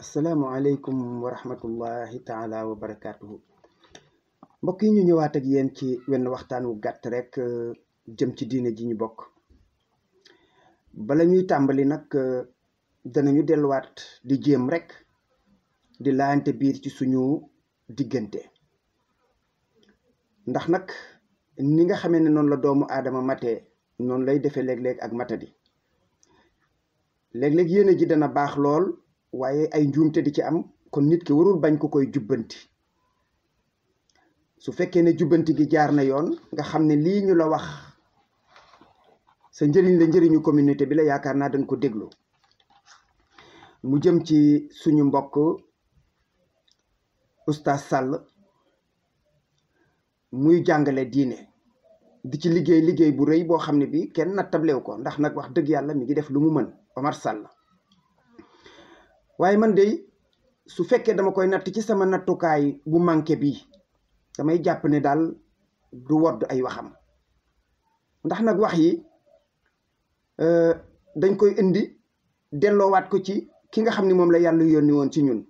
asalaamualeykum wa rahmatullahi taala wa barakaatuhu mbokk yi ñu ñëwaat ak yéen ci wenn waxtaan wu gàtt rek euh, jëm ci diine ji ñu bokk bala ñuy tàmbali nag euh, danañu delluwaat di jéem rekk di laante biir ci suñu diggante ndax nag ni nga xamee ne noonu la doomu aadama mate noonu lay defee léeg-léeg ak matadi léeg-léeg yéene ji dana baax lool waaye ay njuumte di ci am kon nit ki warul bañ ko koy jubbanti su fekkee ne jubbanti gi jaar na yoon nga xam ne lii ñu la wax sa njëriñ la njëriñu communité bi la yaakaar naa dañ ko déglu mu jëm ci suñu mbokk oustaz sàll muy jàngale diine di ci liggéey liggéey bu rëy boo xam ne bi kenn nattablew ko ndax nag wax dëgg yàlla mi ngi def lu mu mën Omar Sall waaye man de su fekkee dama koy natt ci sama nattukaay bu manqué bi samay jàpp ne daal du wodd ay waxam ndax nag wax yi euh, dañ koy indi delloowaat ko ci ki nga xam ni moom la yàlla yónni woon ci ñun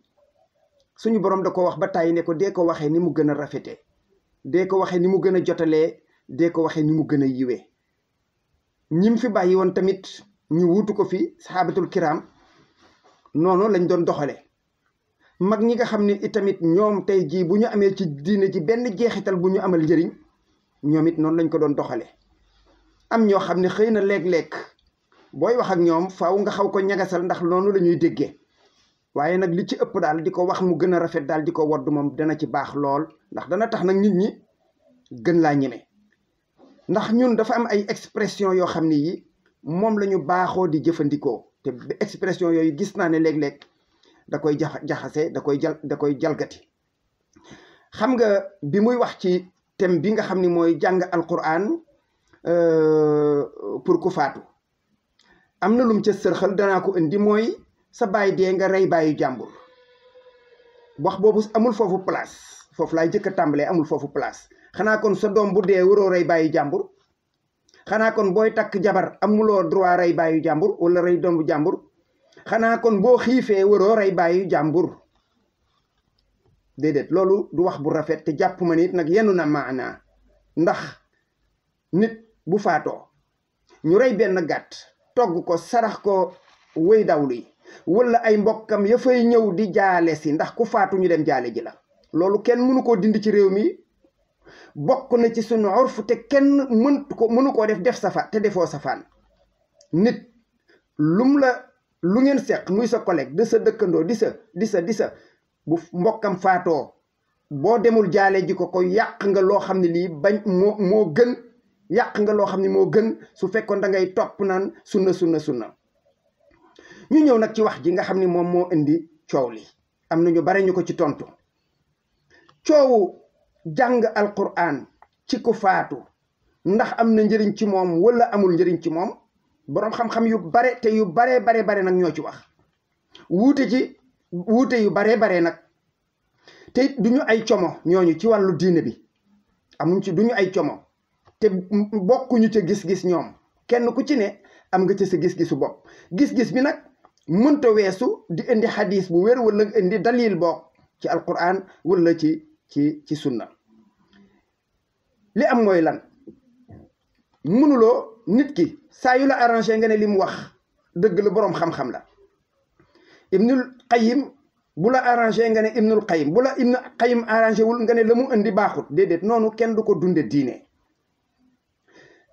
suñu borom da ko wax ba tàyyi ne ko dee ko waxee ni mu gën a rafete dee ko waxee ni mu gën a jotalee dee ko waxee ni mu gën a yiwee ñim fi bàyyi woon tamit ñu wuutu ko fi saxaabatul kiraam noonu lañ doon doxale mag ñi nga xam ne itamit ñoom tey jii bu ñu amee ci diine ji benn jeexital bu ñu amal njëriñ ñoom it noonu lañ ko doon doxale am ñoo xam ne xëy na léeg lekk booy wax ak ñoom faw nga xaw ko ñagasal ndax noonu lañuy ñuy déggee waaye nag li ci ëpp daal di ko wax mu gën a rafet daal di ko wadd moom dana ci baax lool ndax dana tax nag nit ñi gën laa ñeme ndax ñun dafa am ay expression yoo xam ne yi moom la ñu baaxoo di jëfandikoo te expression yooyu gis naa ne léeg-léeg da koy jaxa jaxase da koy jal da koy jalgati xam nga bi muy wax ci thème bi nga xam ni mooy jàng alquran euh, pour ku faatu am na lum ca sërxal danaa ko indi mooy sa baay dee nga rey baayu jàmbur wax boobu amul foofu place foofu laay jëkk tàmbalee amul foofu place xanaa kon sa doom bu dee waroo rey baayu jàmbur xanaa kon booy takk jabar amuloo droit rey baayu jàmbur wala rey doom bu jàmbur xanaa kon boo xiifee waroo rey baayu jàmbur déedéet loolu du wax bu rafet te jàpp ma nit nag yenu na maanaa ndax nit bu faatoo ñu rey benn gàtt togg ko sarax ko wéy dawlu yi wala ay mbokkam ya ñëw di jaale si ndax ku faatu ñu dem jaale ji la loolu kenn mënu koo dindi ci réew mi bokk na ci sunu urfu te kenn mëntu ko mënu koo def def safa te defoo safaan nit lum la lu ngeen seq muy sa collègue di sa dëkkandoo di sa di sa di sa bu mbokkam faatoo boo demul jaale ji ko ko yàq nga loo xam ne lii bañ moo moo gën yàq nga loo xam ne moo gën su fekkoon da ngay topp naan sunna sunna sunna ñu ñëw nag ci wax ji nga xam ni moom moo indi coow li am na ñu bare ñu ko ci tontu coowu jàng alquran ci ku faatu ndax am na njëriñ ci moom wala amul njëriñ ci moom boroom xam-xam yu bare te yu baree bare bare nag ñoo ci wax wuute ci wuute yu baree bare nag te du ñu ay como ñooñu ci wàllu diine bi am ci du ñu ay como te bokkuñu ci gis-gis ñoom kenn ku ci ne am nga ci sa gis-gisu bopp gis-gis bi nag mënta weesu di indi xadiis bu wér wala nga indi dalil bokk ci alquran wala ci ci ci sunna li am mooy lan mënuloo nit ki saa la arrangé nga ne li wax dëgg la boroom xam-xam la ibnul qayyim bu la arrangé nga ne ibnul qayyim bu la ibnul qayyim arrangé wul nga ne la mu indi baaxut déedéet noonu kenn du ko dunde diine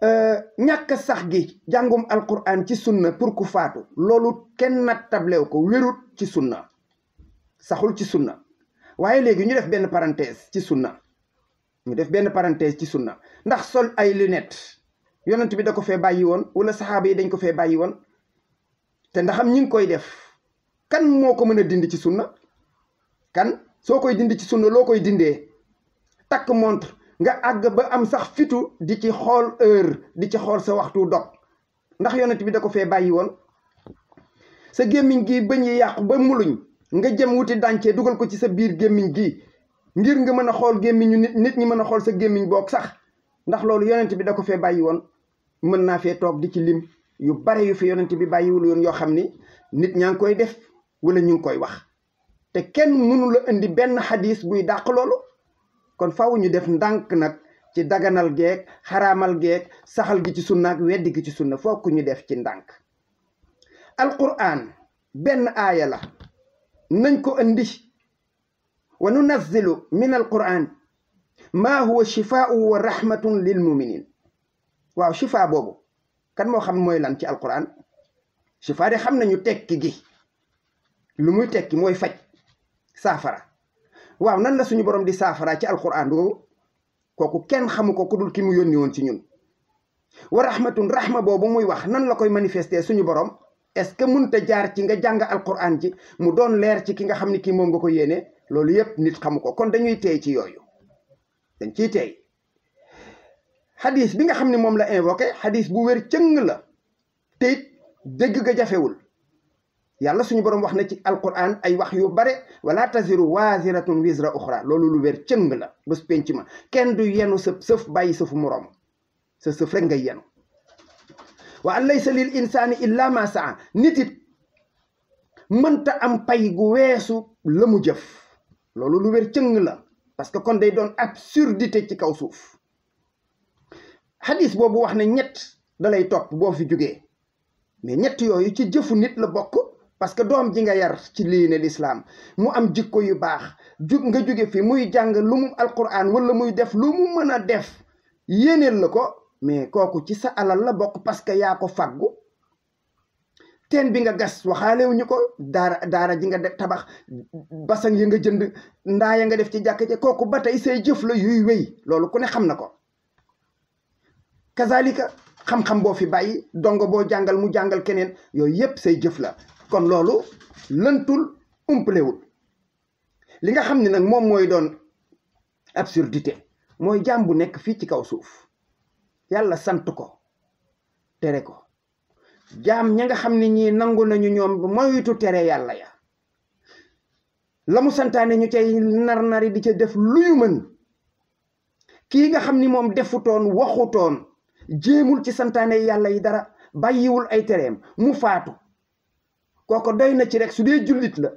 euh, ñàkk sax gi jàngum alquran ci sunna pour ku faatu loolu kenn nat tablew ko wérut ci sunna saxul ci sunna waaye léegi ñu def benn parenthèse ci sunna ñu def benn parenthèse ci sunna ndax sol ay lunette yonent bi da ko fee bàyyi woon wala saxaaba yi dañ ko fee bàyyi woon te ndaxam ñi ngi koy def kan moo ko mën a dind ci sunna kan soo koy dind ci sunna loo koy dindee takk montre nga àgg ba am sax fitu di ci xool heure di ci xool sa waxtu dog ndax yonent bi da ko fee bàyyi woon sa gémmiñ gi bañ yi yàqu ba muluñ nga jëm wuti dàncee dugal ko ci sa biir gémmiñ gi ngir nga mën a xool gémmiñu nit nit ñi mën a xool sa gémmiñ boog sax ndax loolu yonent bi da ko fee bàyyi woon mën naa fee toog di ci lim yu bare yu fi bi bàyyiwul yoon yoo xam ni nit ñaa ngi koy def wala ñu ngi koy wax te kenn mënula indi benn xadis buy dàq loolu kon faaw ñu def ndànk nag ci daganal geeg xaraamal geeg saxal gi ci sunna ak weddi gi ci sunna fokk ñu def ci ndànk alquran benn aaya la nañ ko indi wa nunazzilu min alquran maa huwa shifaau wa rahmatun lil muminin waaw shifa boobu kan moo xam mooy lan ci alquran shifa de xam nañu tekki gi lu muy tekki mooy faj saafara waaw nan la suñu borom di saafara ci alquran boobu kooku kenn xamu ko ku dul ki mu yónni woon ci ñun wa rahmatun rahma boobu muy wax nan la koy manifester suñu borom est-ce que mënta jaar ci nga jàng alquran ji mu doon leer ci ki nga xam ni kii moom nga ko yéene loolu yëpp nit xamu ko kon dañuy teey ci yooyu dañ ciy teey xadis bi nga xam ne moom la invoqué xadis bu wër cëng la te it dégg ga jafewul yàlla suñu borom wax na ci alquran ay wax yu bare wala taziru waziratun wisra uxra loolu lu wér cëng la bés penc ma kenn du yenu sa sëf bàyyi sëfu moroom sa sëf rek ngay yenu wa an laysa lil insaani illa ma saa nit it mënta am pay gu weesu la mu jëf loolu lu wér cëng la parce que kon day doon absurdité ci kaw suuf xadis boobu wax ne ñett dalay topp boo fi jógee mais ñett yooyu ci jëfu nit la bokk parce que doom ji nga yar ci lii lislaam mu am jikko yu baax jug nga jóge fi muy jàng lu mu alquran wala muy def lu mu mën a def yéeneel la ko mais kooku ci sa alal la bokk parce que yaa ko faggu teen bi nga gas waxaalewuñu ko daara daara ji nga def tabax basang yi nga jënd ndaaya nga def ci jàkk ji kooku ba tey say jëf la yuy wéy loolu ku ne xam na ko kazalika xam-xam boo fi bàyyi dongo boo jàngal mu jàngal keneen yooyu yépp say jëf la kon loolu lëntul umpalewul li nga xam ni nag moom mooy doon absurdité mooy jaam bu nekk fii ci kaw suuf yàlla sant ko tere ko jaam ña nga xam ne ñii nangu nañu ñoom moytu tere yàlla ya la mu santaane ñu cay nar-nari di ca def luyu mën ki nga xam ni moom defutoon waxutoon jéemul ci santaane yàlla yi dara bàyyiwul ay tereem mu faatu kooko doy na ci rek su dee jullit la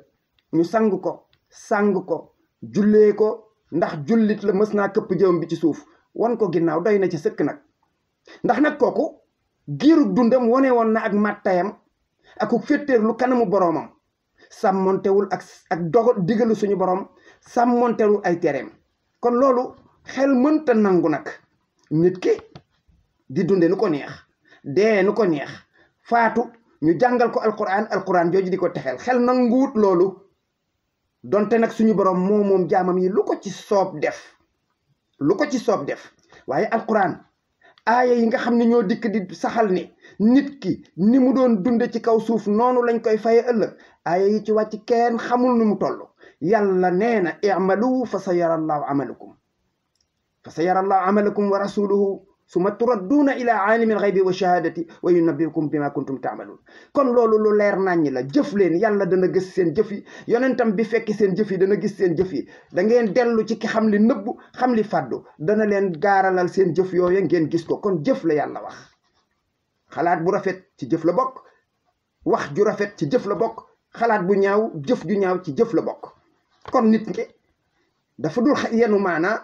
ñu sang ko sang ko jullee ko ndax jullit la mës naa këpp jëwam bi ci suuf wan ko ginnaaw doy na ci sëkk nag ndax nag kooku giiru dundam wone woon na ak màttayam ak féttéer lu kanamu boroomam sàmmontewul ak ak dogo digalu suñu borom sàmmontewul ay tereem kon loolu xel mënta nangu nag nit ki di dunde nu ko neex dee nu ko neex faatu ñu jàngal ko alquran alquran jooju di ko texel xel nanguwut loolu donte nag suñu borom moo moom jaamam yi lu ko ci soob def lu ko ci soob def waaye alquran aaya yi nga xam ne ñoo dikk di saxal ne nit ki ni mu doon dunde ci kaw suuf noonu lañ koy faye ëllëg aaya yi ci wàcc ken xamul nu mu toll yàlla nee na i'malu fa sa yara fa sa yara allahu amalakum wa rasuluhu su ma summa turadduuna ila aalimi alxaybi wa shahaadati wa yunabbiukum bima kuntum taamaluun kon loolu lu leer naññi la jëf leen yàlla dana gis seen jëf yi yonentam bi fekk seen jëf yi dana gis seen jëf yi da ngeen dellu ci ki xam li nëbbu xam li fàddu dana leen gaaralal seen jëf yooya ngeen gis ko kon jëf la yàlla wax xalaat bu rafet ci jëf la bokk wax ju rafet ci jëf la bokk xalaat bu ñaaw jëf ju ñaaw ci jëf la bokk kon nit ki dafa dul yenu maanaa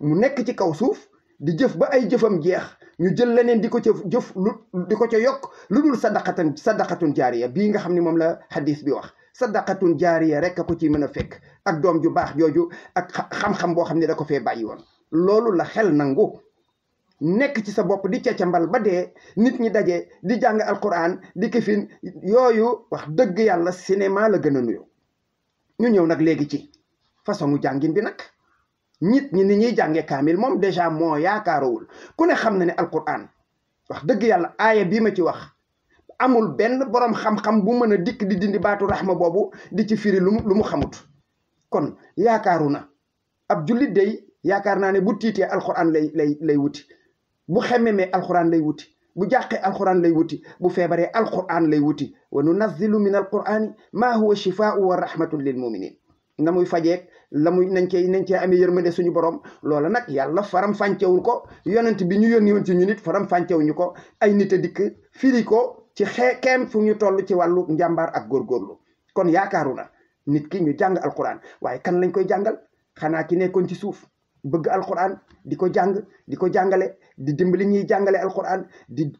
mu nekk ci kaw suuf di jëf ba ay jëfam jeex ñu jël leneen di ko ca jëf lu di ko ca yokk lu dul sadaqatan sadaqatun jaariya bii nga xam ni moom la hadis bi wax sadaqatun jaariya rek a ko ci mën a fekk ak doom ju baax jooju ak xam-xam boo xam ne da ko fee bàyyi woon loolu la xel nangu nekk ci sa bopp di càccambal ba dee nit ñi daje di jàng alquran di kifin yooyu wax dëgg yàlla cinéma la gën a nuyu ñu ñëw nag léegi ci façon jàngin bi nag nit ñi ni ñuy jànge kaamil moom dèjà moo yaakaarawul ku ne xam na ne alquran wax dëgg yàlla aaya bii ma ci wax amul benn borom xam-xam bu mën a dikk di dindi baatu raxma boobu di ci firi lu mu lu mu xamut kon yaakaaru na ab jullit day yaakaar naa ne bu tiitee alquran lay lay lay wuti bu xemmemee alquran lay wuti bu jàqee alquran lay wuti bu feebaree alquran lay wuti wa nunazilu min alqurani ma huwa shifaau wa rahmatun lil muminin na muy fajeek la muy nañ cey nañ cee amee yërmande suñu borom loola nag yàlla faram fàncewul ko yonent bi ñu yónni woon ci ñu nit faram fàncewuñu ko ay nit a dikk firi ko ci xee keem fu ñu toll ci wàllu njàmbaar ak góorgóorlu kon yaakaaru na nit ki ñu jàng alquran waaye kan lañ koy jàngal xanaa ki nekkoon ci suuf bëgg alquran di ko jàng di ko jàngale di dimbali ñuy jàngale alquran di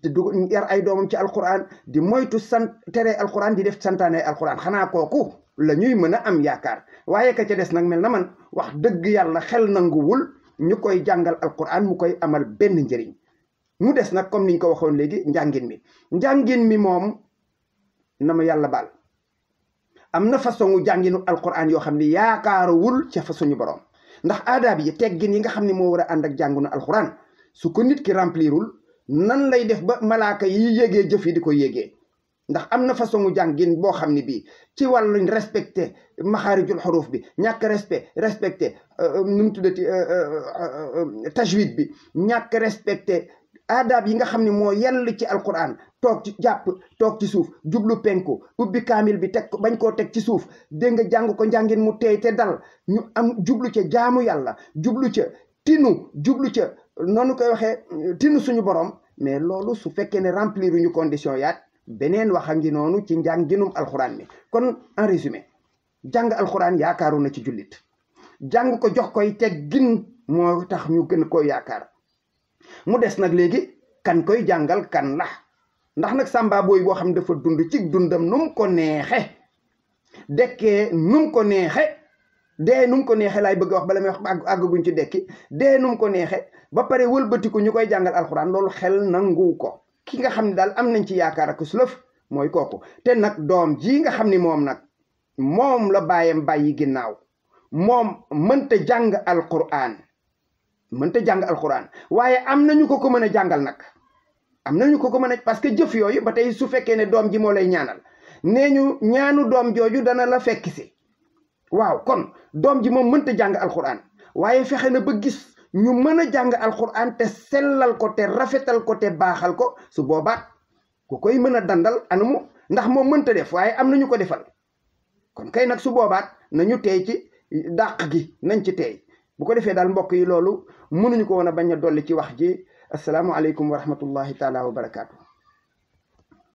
yar ay doomam ci alquran di moytu sant tere alquran di def santaane alquran xanaa kooku la ñuy mën a am yaakaar waaye ka ca des nag mel na man wax dëgg yàlla xel nanguwul ñu koy jàngal alquran mu koy amal benn njëriñ mu des nag comme niñ ko waxoon léegi njàngin mi njàngin mi moom na ma yàlla baal am na façon jànginu alquran yoo xam ne yaakaarawul ca fa suñu borom. ndax aadaab yi teggin yi nga xam ni moo war a ànd ak jàngunu alxuraan su ko nit ki remplirul nan lay def ba malaaka yi yégee jëf yi di yégee ndax am na façon jàngin boo xam ne bi ci wàlluñ respecté maxaarijul xuruf bi ñàkk respect respecté euh, euh, nu mu tuddati euh, tajwid bi ñàkk respecté aadaab yi nga xam ne moo yell ci alquran toog ci jàpp toog ci suuf jublu penku ubbi kaamil bi teg ko bañ koo teg ci suuf dégg nga jàng ko njàngin mu teey te dal ñu am jublu ca jaamu yàlla jublu ca tinu jublu ca noonu koy waxee tinu suñu borom mais loolu su fekkee ne remplir ñu condition yaat beneen wax ngi noonu ci njànginum alxuraan mi kon en jàng alxuraan yaakaaru na ci jullit jàng ko jox koy teggin moo tax ñu gën koo yaakaar mu des nag léegi kan koy jàngal kan la ndax nag sàmba booy boo xam dafa dund ci dundam num mu ko neexe dekkee nu ko neexe dee nu ko neexe laay bëgg a wax bala may wax àggaguñ ci dekki dee nu ko neexe ba pare wëlbatiku ñu koy jàngal alxuraan loolu xel nangu ko ki nga xam ne daal am nañ ci yaakaar ak sulëf mooy kooku te nag doom ji nga xam ni moom nag moom la bàyyam bàyyi ginnaaw moom mënta jàng alxuraan mënta jàng alxuraan waaye am nañu ko ko mën a jàngal nag am nañu ko ko mën a parce que jëf yooyu ba tey su fekkee ne doom ji moo lay ñaanal nee ñu ñaanu doom jooju dana la fekk si waaw kon doom ji moom mënta jàng alxuraan waaye fexe na ba gis ñu mën a jàng alxuraan te sellal ko te rafetal ko te baaxal ko su boobaat ko koy mën a dandal anamu ndax moom mënta def waaye am nañu ko defal kon kay nag su boobaat nañu tey ci dàq gi nañ ci tey bu ko defee daal mbokk yi loolu mënuñu ko woon a bañ a dolli ci wax ji asalaamualeykum wa rahmatullahi taala wa barakaatu.